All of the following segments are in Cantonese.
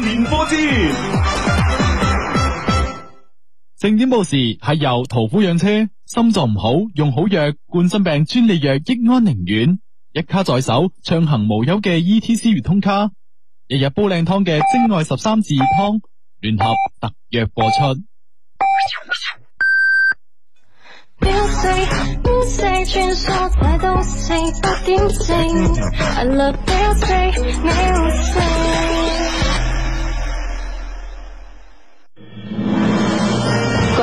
年正點報時係由途虎養車，心臟唔好用好藥冠心病專利藥益安寧丸，一卡在手暢行無憂嘅 E T C 月通卡，日日煲靚湯嘅精愛十三字湯，聯合特約播出。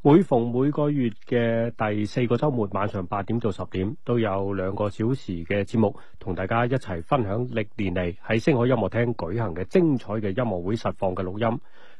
每逢每個月嘅第四個週末晚上八點到十點，都有兩個小時嘅節目，同大家一齊分享歷年嚟喺星海音樂廳舉行嘅精彩嘅音樂會實況嘅錄音。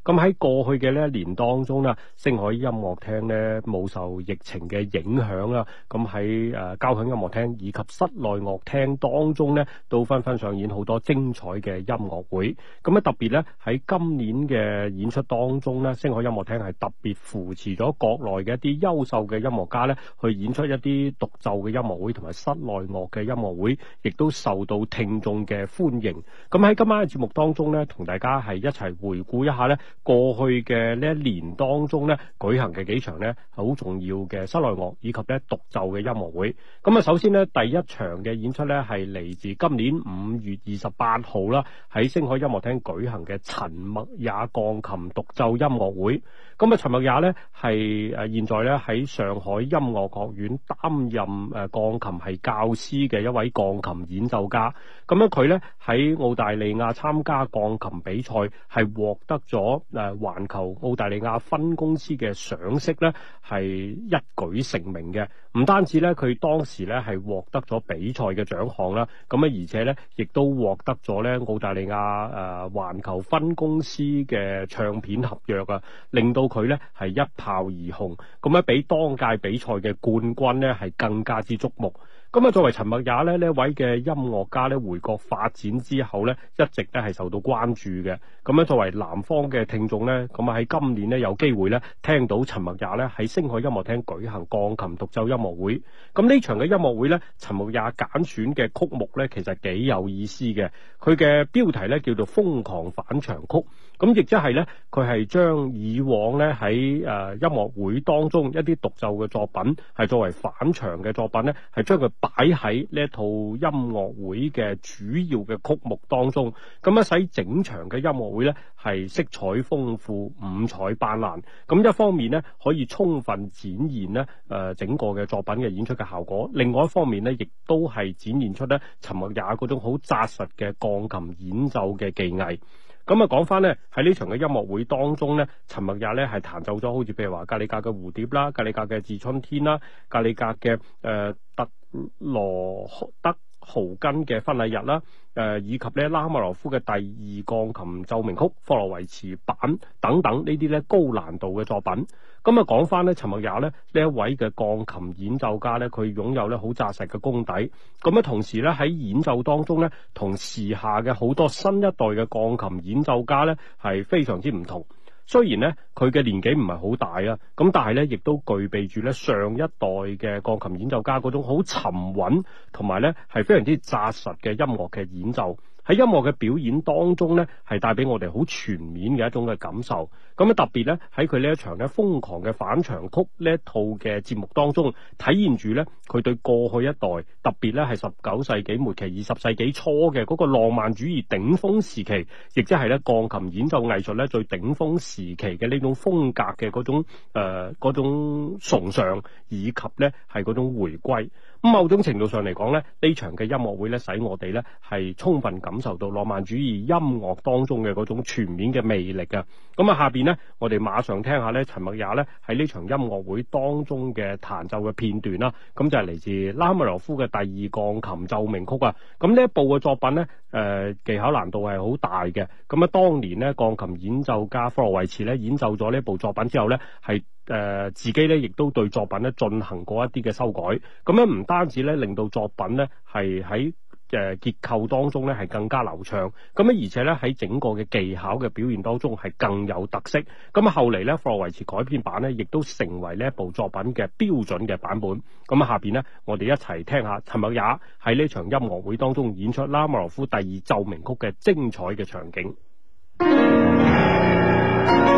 咁喺過去嘅呢一年當中咧，星海音樂廳呢冇受疫情嘅影響啦。咁喺誒交響音樂廳以及室內樂廳當中呢，都紛紛上演好多精彩嘅音樂會。咁啊，特別呢喺今年嘅演出當中呢，星海音樂廳係特別扶持咗國內嘅一啲優秀嘅音樂家呢，去演出一啲獨奏嘅音樂會同埋室內樂嘅音樂會，亦都受到聽眾嘅歡迎。咁喺今晚嘅節目當中呢，同大家係一齊回顧一下呢。過去嘅呢一年當中呢，舉行嘅幾場呢係好重要嘅室內樂以及呢獨奏嘅音樂會。咁啊，首先呢，第一場嘅演出呢係嚟自今年五月二十八號啦，喺星海音樂廳舉行嘅陳默也鋼琴獨奏音樂會。咁啊，陳默也呢係現在呢喺上海音樂學院擔任誒鋼琴系教師嘅一位鋼琴演奏家。咁樣佢呢。喺澳大利亞參加鋼琴比賽，係獲得咗誒環球澳大利亞分公司嘅賞識，呢係一舉成名嘅。唔單止呢，佢當時呢係獲得咗比賽嘅獎項啦，咁咧而且呢亦都獲得咗呢澳大利亞誒環球分公司嘅唱片合約啊，令到佢呢係一炮而紅，咁咧比當屆比賽嘅冠軍呢係更加之矚目。咁啊，作為陳默也呢呢一位嘅音樂家呢，回國發展之後呢，一直都係受到關注嘅。咁啊，作為南方嘅聽眾呢，咁啊喺今年呢，有機會呢，聽到陳默也呢喺星海音樂廳舉行鋼琴獨奏音樂會。咁呢場嘅音樂會呢，陳默也揀選嘅曲目呢，其實幾有意思嘅。佢嘅標題呢，叫做《瘋狂返場曲》。咁亦即係呢，佢係、就是、將以往呢喺誒音樂會當中一啲獨奏嘅作品，係作為返場嘅作品呢係將佢擺喺呢一套音樂會嘅主要嘅曲目當中，咁啊使整場嘅音樂會呢係色彩豐富、五彩斑斕。咁一方面呢，可以充分展現呢整個嘅作品嘅演出嘅效果；另外一方面呢，亦都係展現出呢陳默雅嗰種好扎實嘅鋼琴演奏嘅技藝。咁啊，講返咧喺呢場嘅音樂會當中咧，尋日也咧係彈奏咗好似譬如話格里格嘅蝴蝶啦、格里格嘅致春天啦、格里格嘅誒特羅德。豪根嘅婚禮日啦，誒、呃、以及咧拉赫曼尼諾夫嘅第二鋼琴奏鳴曲霍洛維茨版等等呢啲咧高難度嘅作品。咁啊講翻呢，陳木雅呢呢一位嘅鋼琴演奏家呢，佢擁有呢好紮實嘅功底。咁啊同時呢，喺演奏當中呢，同時下嘅好多新一代嘅鋼琴演奏家呢，係非常之唔同。雖然咧，佢嘅年紀唔係好大啊，咁但係咧，亦都具備住咧上一代嘅鋼琴演奏家嗰種好沉穩同埋咧係非常之紮實嘅音樂嘅演奏。喺音樂嘅表演當中呢，係帶俾我哋好全面嘅一種嘅感受。咁樣特別呢，喺佢呢一場咧瘋狂嘅反場曲呢一套嘅節目當中，體現住呢，佢對過去一代，特別呢係十九世紀末期、二十世紀初嘅嗰個浪漫主義頂峰時期，亦即係呢鋼琴演奏藝術呢最頂峰時期嘅呢種風格嘅嗰種誒、呃、嗰種崇尚，以及呢係嗰種回歸。咁某種程度上嚟講，呢呢場嘅音樂會呢，使我哋呢係充分感受到浪漫主義音樂當中嘅嗰種全面嘅魅力啊。咁啊，下邊呢，我哋馬上聽下呢陳默也呢喺呢場音樂會當中嘅彈奏嘅片段啦。咁就係、是、嚟自拉赫瑪尼諾夫嘅第二鋼琴奏鳴曲啊。咁呢一部嘅作品呢，誒、呃、技巧難度係好大嘅。咁啊，當年呢，鋼琴演奏家弗洛維茨呢演奏咗呢部作品之後呢，係。誒、呃、自己咧，亦都對作品咧進行過一啲嘅修改，咁樣唔單止咧令到作品咧係喺誒結構當中咧係更加流暢，咁樣而且咧喺整個嘅技巧嘅表現當中係更有特色。咁後嚟咧，霍洛維茨改編版咧亦都成為呢一部作品嘅標準嘅版本。咁下邊呢，我哋一齊聽下陳柏雅喺呢場音樂會當中演出拉莫羅夫第二奏鳴曲嘅精彩嘅場景。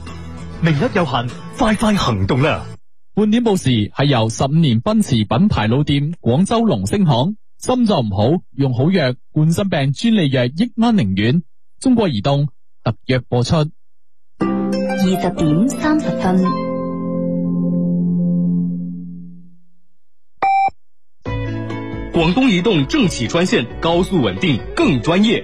名額有限，快快行動啦！半點報時係由十五年奔馳品牌老店廣州龍星行。心臟唔好，用好藥，冠心病專利藥益安寧丸。中國移動特約播出。二十點三十分，廣東移動政企專線，高速穩定，更專業。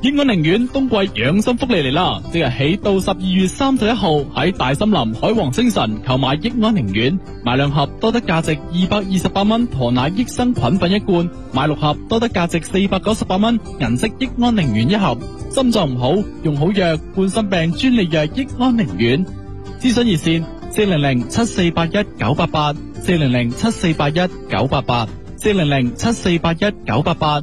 益安寧丸冬季養生福利嚟啦！即日起到十二月三十一號喺大森林海王星辰購買益安寧丸，買兩盒多得價值二百二十八蚊駝奶益生菌粉一罐；買六盒多得價值四百九十八蚊銀色益安寧丸一盒。心臟唔好用好藥，冠心病專利藥益安寧丸。諮詢熱線：四零零七四八一九八八，四零零七四八一九八八，四零零七四八一九八八。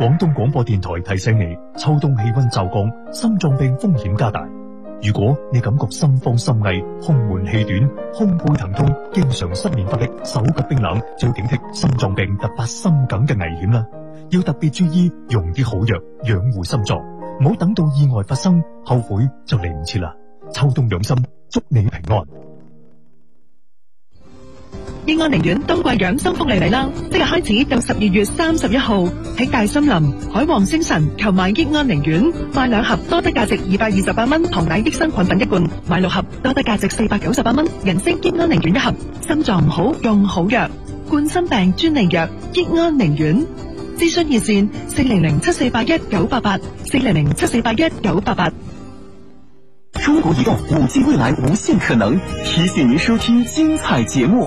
廣東廣播電台提醒你：秋冬氣溫驟降，心臟病風險加大。如果你感覺心慌心悸、胸悶氣短、胸背疼痛、經常失眠乏力、手腳冰冷，就要警惕心臟病突發心梗嘅危險啦。要特別注意用啲好藥養護心臟，唔好等到意外發生後悔就嚟唔切啦。秋冬養心，祝你平安。益安寧丸冬季養生福利嚟啦！即日開始到十二月三十一號喺大森林海王星辰購買益安寧丸，買兩盒多得價值二百二十八蚊糖奶益生菌粉一罐，買六盒多得價值四百九十八蚊人參益安寧丸一盒。心臟唔好用好藥，冠心病專利藥益安寧丸。諮詢熱線四零零七四八一九八八，四零零七四八一九八八。88，中國移動五 G 未來無限可能，提醒您收聽精彩節目。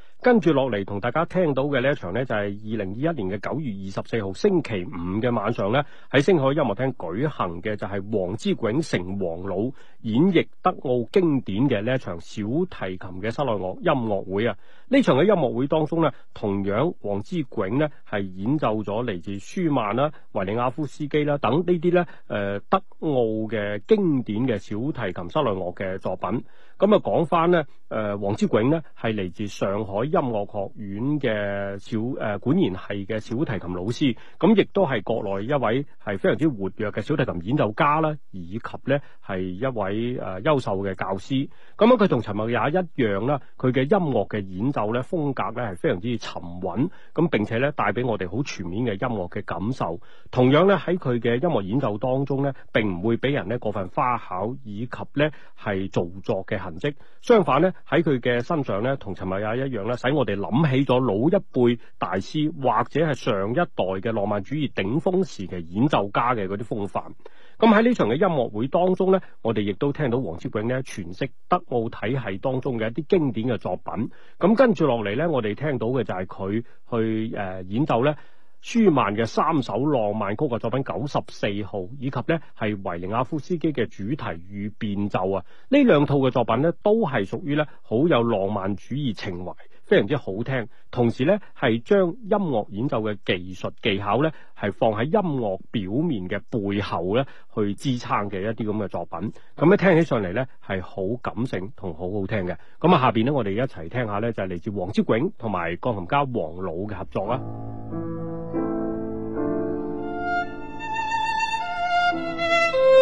跟住落嚟，同大家聽到嘅呢一場呢，就係二零二一年嘅九月二十四號星期五嘅晚上呢喺星海音樂廳舉行嘅就係黃之穎成王老演繹德奧經典嘅呢一場小提琴嘅室內樂音樂會啊！呢場嘅音樂會當中呢，同樣黃之穎呢係演奏咗嚟自舒曼啦、維尼亞夫斯基啦等呢啲呢誒德奧嘅經典嘅小提琴室內樂嘅作品。咁啊，講翻咧，誒、呃、王之炅咧係嚟自上海音樂學院嘅小誒、呃、管弦係嘅小提琴老師，咁亦都係國內一位係非常之活躍嘅小提琴演奏家啦，以及咧係一位誒優、呃、秀嘅教師，咁樣佢同陳默也一樣啦，佢嘅音樂嘅演奏咧風格咧係非常之沉穩，咁並且咧帶俾我哋好全面嘅音樂嘅感受。同樣咧喺佢嘅音樂演奏當中咧，並唔會俾人咧過分花巧，以及咧係造作嘅相反呢，喺佢嘅身上呢，同陳慧亞一樣呢，使我哋諗起咗老一輩大師或者係上一代嘅浪漫主義頂峰時期演奏家嘅嗰啲風範。咁喺呢場嘅音樂會當中呢，我哋亦都聽到黃哲永呢詮釋德奧體系當中嘅一啲經典嘅作品。咁跟住落嚟呢，我哋聽到嘅就係佢去誒演奏呢。舒曼嘅三首浪漫曲嘅作品九十四號，以及咧係維尼亞夫斯基嘅主題與變奏啊。呢兩套嘅作品咧，都係屬於咧好有浪漫主義情懷，非常之好聽。同時咧係將音樂演奏嘅技術技巧咧係放喺音樂表面嘅背後咧去支撐嘅一啲咁嘅作品。咁咧，聽起上嚟咧係好感性同好好聽嘅。咁啊，下邊咧我哋一齊聽一下咧就嚟自黃之穎同埋鋼琴家黃老嘅合作啦。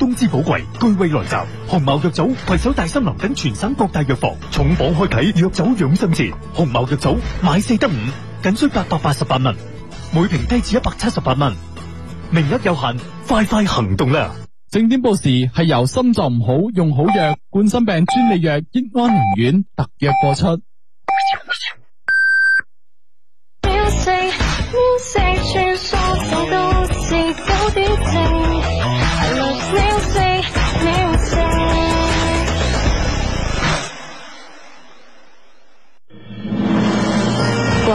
冬資寶貴，巨惠來襲！鴻茅藥酒攜手大森林等全省各大藥房重磅開啟，藥酒養生節，鴻茅藥酒買四得五，僅需八百八十八蚊，每瓶低至一百七十八蚊，名額有限，快快行動啦！正點報時係由心臟唔好用好藥，冠心病專利藥益安寧丸特約播出。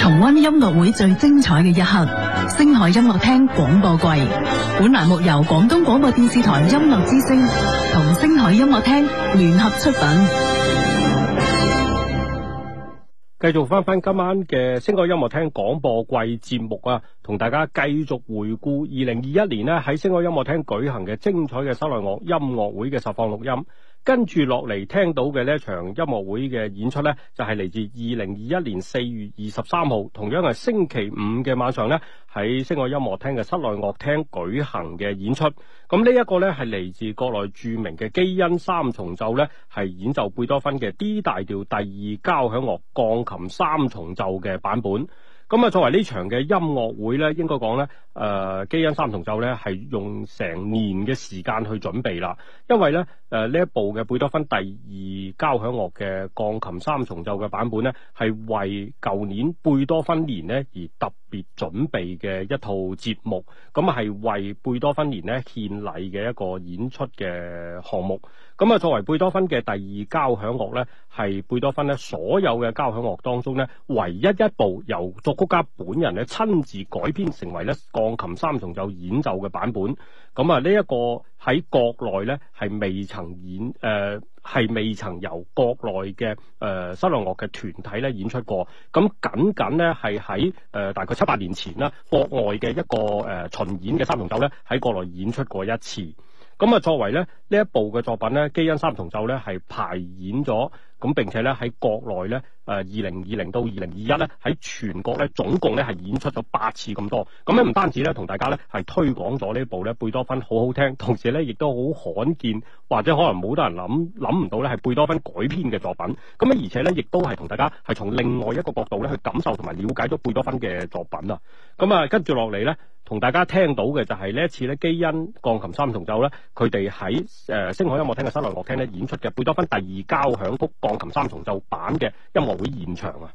重溫音樂會最精彩嘅一刻，星海音樂廳廣播季。本欄目由廣東廣播電視台音樂之聲同星海音樂廳聯合出品。繼續翻翻今晚嘅星海音樂廳廣播季節目啊，同大家繼續回顧二零二一年呢喺星海音樂廳舉行嘅精彩嘅室內樂音樂會嘅實況錄音。跟住落嚟聽到嘅呢場音樂會嘅演出呢，就係嚟自二零二一年四月二十三號，同樣係星期五嘅晚上呢，喺星海音樂廳嘅室內樂廳舉行嘅演出。咁呢一個呢，係嚟自國內著名嘅基因三重奏呢，係演奏貝多芬嘅 D 大調第二交響樂鋼琴三重奏嘅版本。咁啊，作為呢場嘅音樂會呢，應該講呢，誒基因三重奏呢係用成年嘅時間去準備啦。因為呢，誒呢一部嘅貝多芬第二交響樂嘅鋼琴三重奏嘅版本呢，係為舊年貝多芬年呢而特別準備嘅一套節目，咁係為貝多芬年呢獻禮嘅一個演出嘅項目。咁啊，作為貝多芬嘅第二交響樂呢，係貝多芬呢所有嘅交響樂當中呢，唯一一部由作曲家本人呢親自改編成為呢鋼琴三重奏演奏嘅版本。咁啊，呢一個喺國內呢係未曾演，誒、呃、係未曾由國內嘅誒西洋樂嘅團體呢演出過。咁僅僅呢係喺誒大概七八年前啦，國外嘅一個誒巡演嘅三重奏呢，喺國內演出過一次。咁啊，作為咧呢一部嘅作品呢，《基因三重奏》呢係排演咗，咁並且呢喺國內呢，誒二零二零到二零二一呢，喺全國呢，總共呢係演出咗八次咁多。咁咧唔單止呢同大家呢係推廣咗呢部呢貝多芬好好聽，同時呢亦都好罕見，或者可能冇多人諗諗唔到呢係貝多芬改編嘅作品。咁而且呢，亦都係同大家係從另外一個角度呢去感受同埋了解咗貝多芬嘅作品啊。咁啊，跟住落嚟呢。同大家聽到嘅就係呢一次呢，基因鋼琴三重奏呢，佢哋喺誒星海音樂廳嘅室內樂廳演出嘅貝多芬第二交響曲鋼琴三重奏版嘅音樂會現場啊。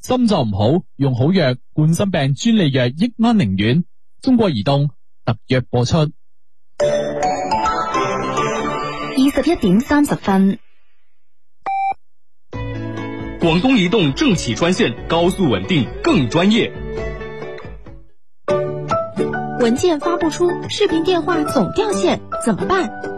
心臟唔好用好藥，冠心病專利藥益安寧丸。中國移動特約播出。二十一點三十分，廣東移動政企專線，高速穩定更專業。文件發不出，視頻電話總掉線，怎麼辦？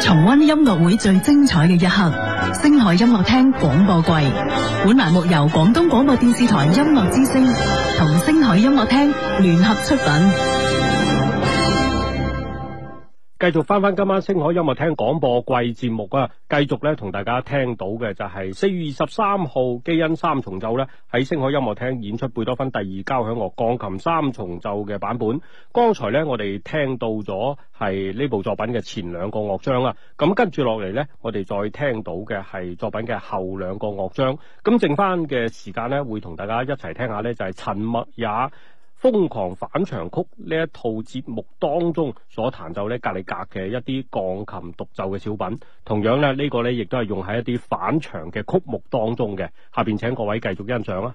重溫音樂會最精彩嘅一刻，星海音樂廳廣播季。本欄目由廣東廣播電視台音樂之聲同星海音樂廳聯合出品。繼續翻翻今晚星海音樂廳廣播季節目啊，繼續咧同大家聽到嘅就係四月二十三號，基因三重奏咧喺星海音樂廳演出貝多芬第二交響樂鋼琴三重奏嘅版本。剛才咧我哋聽到咗係呢部作品嘅前兩個樂章啊，咁跟住落嚟咧，我哋再聽到嘅係作品嘅後兩個樂章。咁剩翻嘅時間咧，會同大家一齊聽下咧就係沉默也。《瘋狂反場曲》呢一套節目當中所彈奏呢，格里格嘅一啲鋼琴獨奏嘅小品，同樣呢，呢、呢個呢亦都係用喺一啲反場嘅曲目當中嘅。下邊請各位繼續欣賞啦。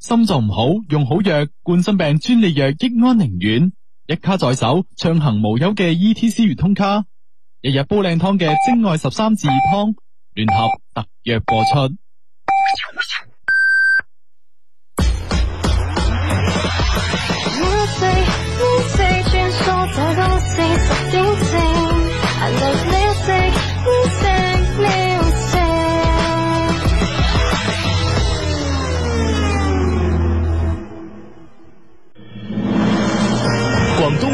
心臟唔好，用好藥，冠心病專利藥益安寧丸，一卡在手暢行無憂嘅 ETC 粵通卡，日日煲靚湯嘅精愛十三字湯，聯合特約播出。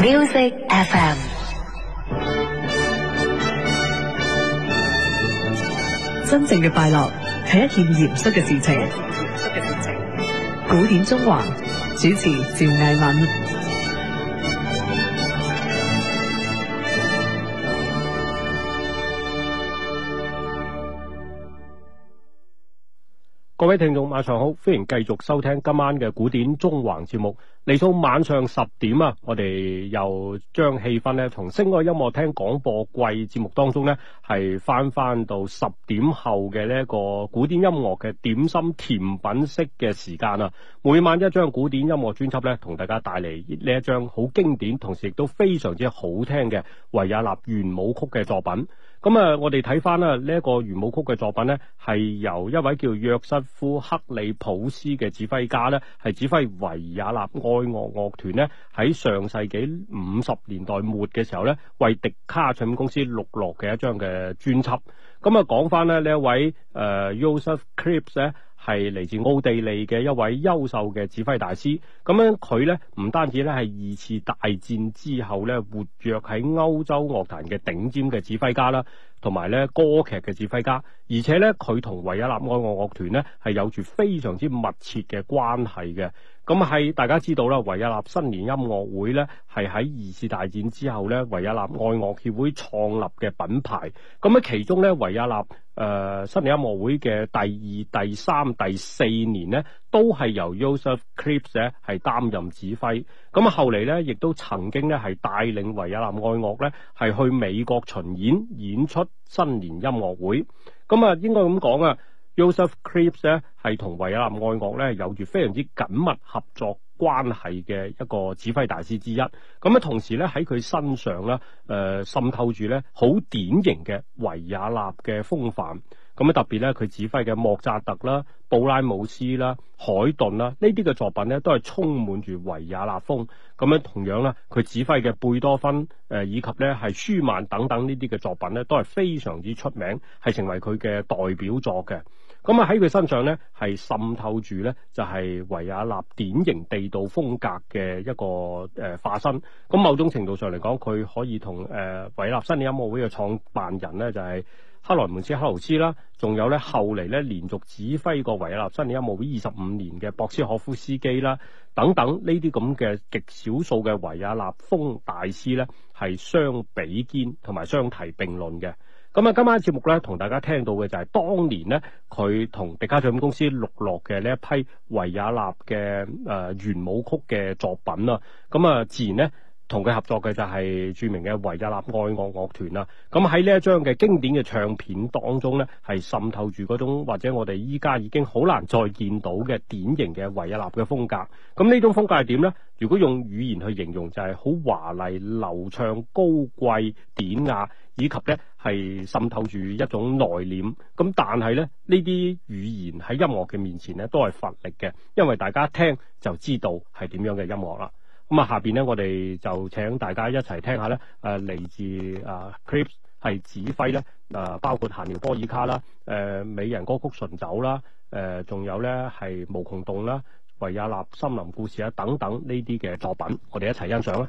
Music FM，真正嘅快樂係一件嚴肅嘅事情。古典縱橫，主持趙藝敏。各位聽眾晚上好，歡迎繼續收聽今晚嘅古典中環節目。嚟到晚上十點啊，我哋又將氣氛呢從《星愛音樂廳廣播季》節目當中呢，係翻翻到十點後嘅呢一個古典音樂嘅點心甜品式嘅時間啊！每晚一張古典音樂專輯呢，同大家帶嚟呢一張好經典，同時亦都非常之好聽嘅維也納圓舞曲嘅作品。咁啊，我哋睇翻啦，呢一個圓舞曲嘅作品呢，係由一位叫約瑟夫克里普斯嘅指揮家呢，係指揮維也納愛樂樂團呢。喺上世紀五十年代末嘅時候呢，為迪卡唱片公司錄落嘅一張嘅專輯。咁啊，講翻呢，呢一位約瑟夫克里普斯呢。呃係嚟自奧地利嘅一位優秀嘅指揮大師，咁樣佢呢唔單止呢係二次大戰之後呢活躍喺歐洲樂壇嘅頂尖嘅指揮家啦，同埋呢歌劇嘅指揮家，而且呢，佢同維也納愛樂樂團呢係有住非常之密切嘅關係嘅。咁係大家知道啦，維也納新年音樂會咧係喺二次大戰之後咧，維也納愛樂協會創立嘅品牌。咁喺其中咧，維也納誒新年音樂會嘅第二、第三、第四年咧，都係由 Joseph Krips 咧係擔任指揮。咁後嚟，咧，亦都曾經咧係帶領維也納愛樂咧係去美國巡演演出新年音樂會。咁啊應該咁講啊！Joseph Krebs 咧係同維也納愛樂咧有住非常之緊密合作關係嘅一個指揮大師之一。咁咧同時咧喺佢身上咧，誒滲透住咧好典型嘅維也納嘅風範。咁咧特別咧佢指揮嘅莫扎特啦、布拉姆斯啦、海頓啦呢啲嘅作品咧都係充滿住維也納風。咁樣同樣咧佢指揮嘅貝多芬誒以及咧係舒曼等等呢啲嘅作品咧都係非常之出名，係成為佢嘅代表作嘅。咁啊喺佢身上呢，係滲透住呢就係維也納典型地道風格嘅一個誒化身。咁某種程度上嚟講，佢可以同誒維也納新年音樂會嘅創辦人呢，就係克萊門斯·克勞斯啦，仲有呢，後嚟呢連續指揮過維也納新年音樂會二十五年嘅博斯科夫斯基啦，等等呢啲咁嘅極少數嘅維也納風大師呢，係相比肩同埋相提並論嘅。咁啊，今晚節目咧，同大家聽到嘅就係當年咧，佢同迪卡唱片公司錄落嘅呢一批維也納嘅誒圓舞曲嘅作品啦。咁啊，自然咧。同佢合作嘅就係著名嘅維也納愛樂樂團啦。咁喺呢一張嘅經典嘅唱片當中呢，係滲透住嗰種或者我哋依家已經好難再見到嘅典型嘅維也納嘅風格。咁呢種風格係點呢？如果用語言去形容，就係好華麗、流暢、高貴、典雅，以及呢係滲透住一種內斂。咁但係呢，呢啲語言喺音樂嘅面前呢，都係乏力嘅，因為大家一聽就知道係點樣嘅音樂啦。咁啊，下面咧，我哋就請大家一齊聽下咧，誒嚟自啊 Krips 係指揮咧，誒包括《閒聊波爾卡》啦、誒《美人歌曲純酒》啦、誒仲有咧係《無窮動》啦、《維也納森林故事》啊等等呢啲嘅作品，我哋一齊欣賞啦。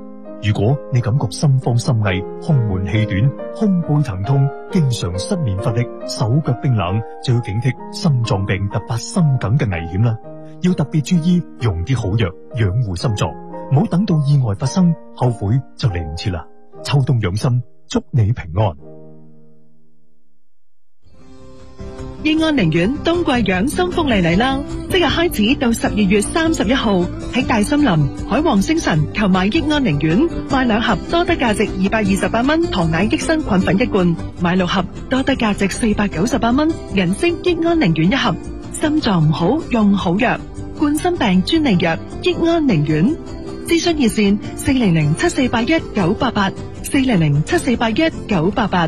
如果你感覺心慌心悸、胸悶氣短、胸背疼痛、經常失眠乏力、手腳冰冷，就要警惕心臟病突發心梗嘅危險啦。要特別注意用啲好藥養護心臟，唔好等到意外發生後悔就嚟唔切啦。秋冬養心，祝你平安。益安寧丸冬季養生福利嚟啦！即日開始到十二月三十一號喺大森林、海王星辰購買益安寧丸，買兩盒多得價值二百二十八蚊糖奶益生菌粉一罐；買六盒多得價值四百九十八蚊人參益安寧丸一盒。心臟唔好用好藥，冠心病專利藥益安寧丸。諮詢熱線：四零零七四八一九八八，四零零七四八一九八八。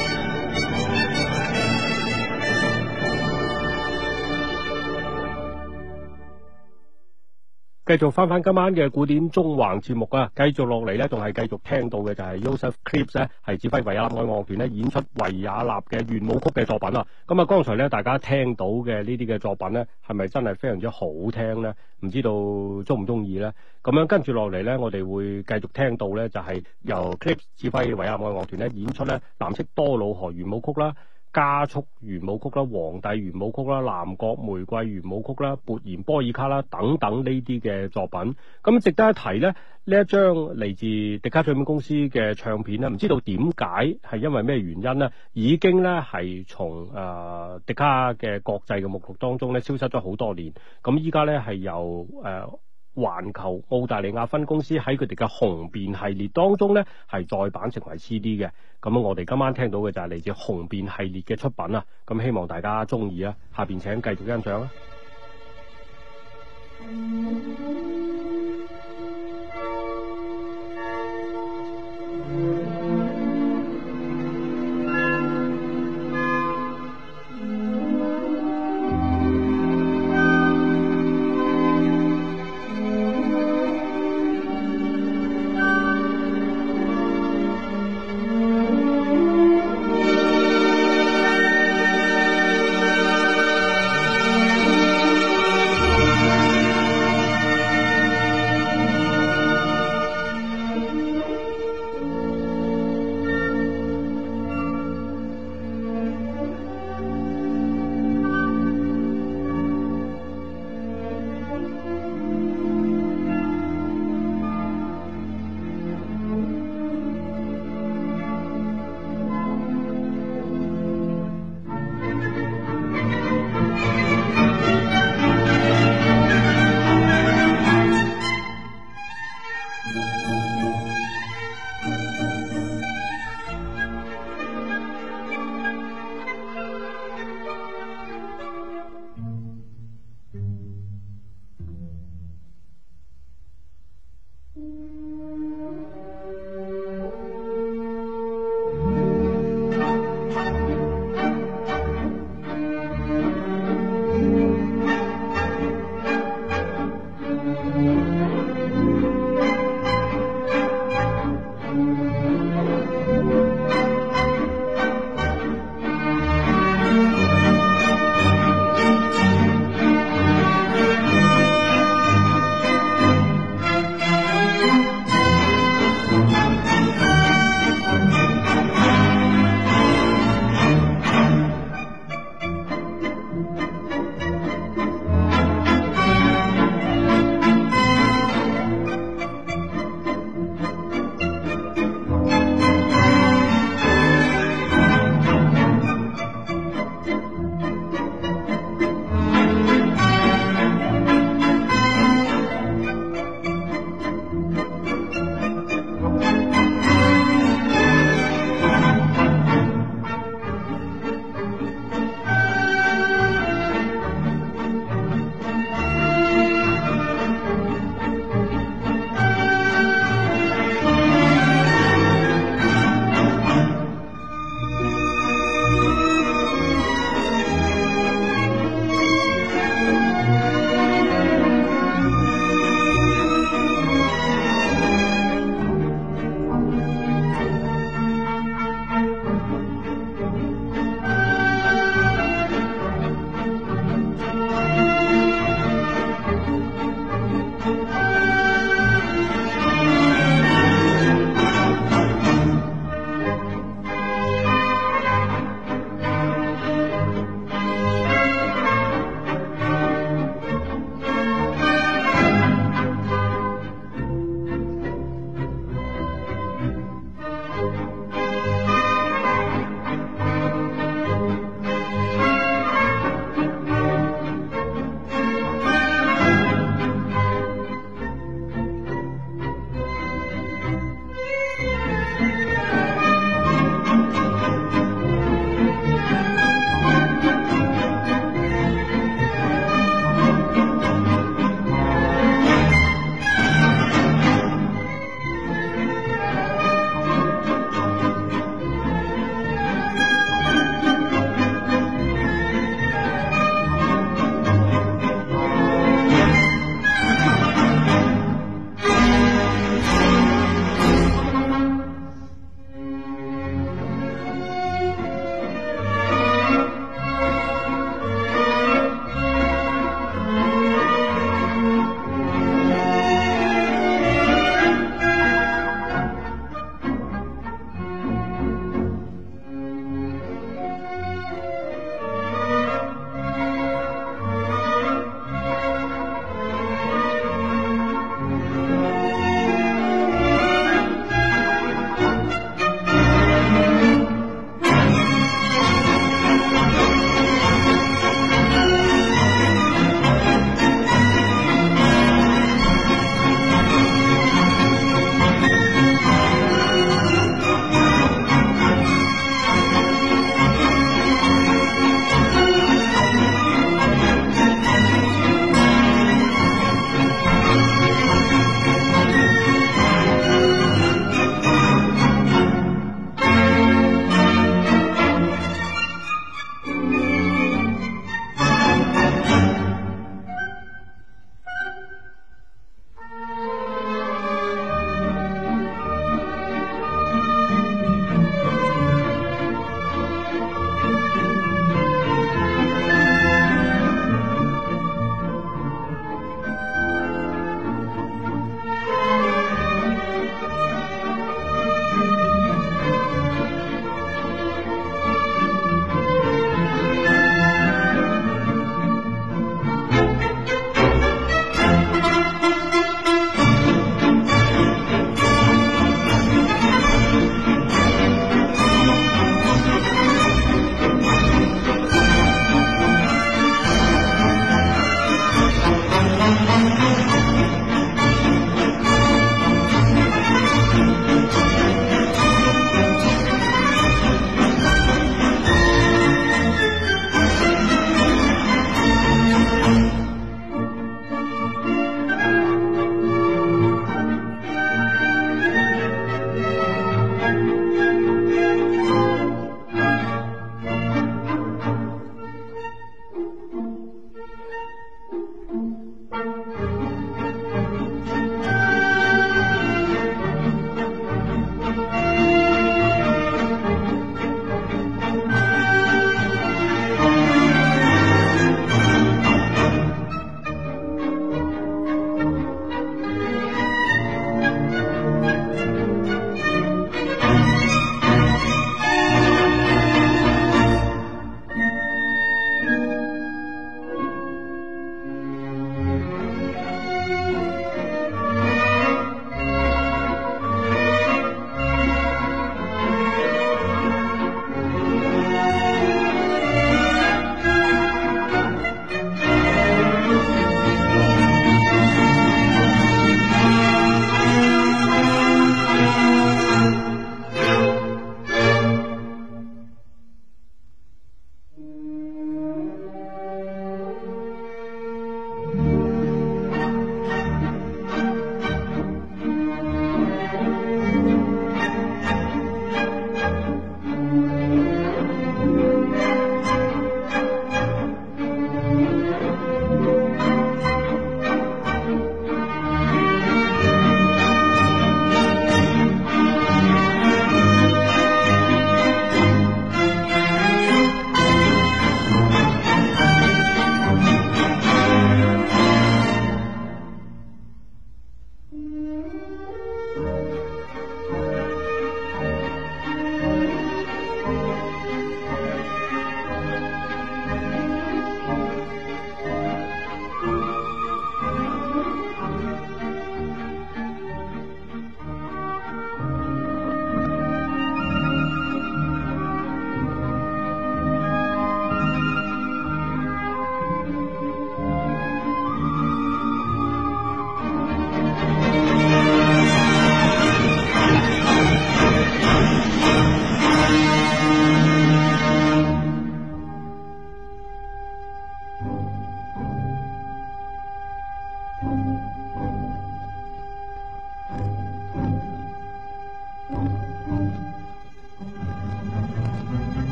繼續翻翻今晚嘅古典縱橫節目啊！繼續落嚟呢，仲係繼續聽到嘅就係 Josef Clips 呢係指揮維也納樂團演出維也納嘅圓舞曲嘅作品啦。咁啊，剛才呢大家聽到嘅呢啲嘅作品呢，係咪真係非常之好聽呢？唔知道鍾唔鍾意呢？咁樣跟住落嚟呢，我哋會繼續聽到呢就係由 Clips 指揮維也納樂團演出呢藍色多瑙河圓舞曲啦。加速圓舞曲啦、皇帝圓舞曲啦、南國玫瑰圓舞曲啦、勃然波爾卡啦等等呢啲嘅作品。咁值得一提呢，呢一張嚟自迪卡唱片公司嘅唱片呢，唔知道點解係因為咩原因呢？已經呢，係從啊迪卡嘅國際嘅目錄當中呢消失咗好多年。咁依家呢，係由誒。環球澳大利亞分公司，喺佢哋嘅紅辮系列當中呢，係再版成為 CD 嘅。咁我哋今晚聽到嘅就係嚟自紅辮系列嘅出品啊！咁希望大家中意啊，下邊請繼續欣賞啊！